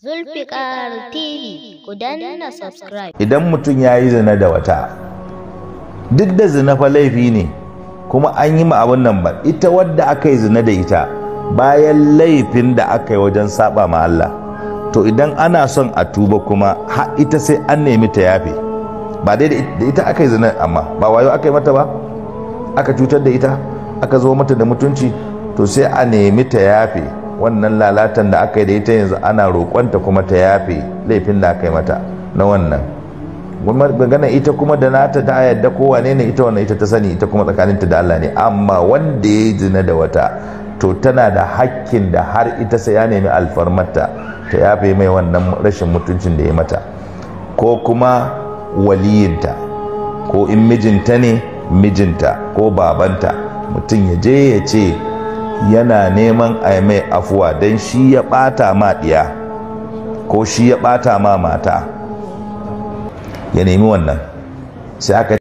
Zulfiƙar TV ku danna subscribe. Idan mutum ya yi zina da wata, duk da zina fa laifi ne, kuma an yi ma abin nan ba, ita wadda aka yi zina da ita bayan laifin da aka yi wajen saba ma Allah. To idan ana son a tuba kuma ha ita sai an nemi ta yafe. Ba dai da ita aka yi zina amma ba wayo aka yi mata ba, aka cutar da ita, aka zo mata da mutunci, to sai a nemi ta yafe. wannan lalatan da aka yi da ita yanzu ana roƙonta kuma ta yafe laifin da aka yi mata na wannan magana ita kuma da nata ta yadda kowa ne ita wannan ita ta sani ita kuma tsakaninta da Allah ne amma wanda ya yi zina da wata to tana da hakkin da har ita sai ya nemi alfarmata ta yafe mai wannan rashin mutuncin da ya mata ko kuma waliyinta ko in mijinta ne mijinta ko babanta mutum ya je ya ce yana neman a mai afuwa don shi ya ɓata ma ɗiya ko shi ya ɓata ma mata ya nemi wannan sai aka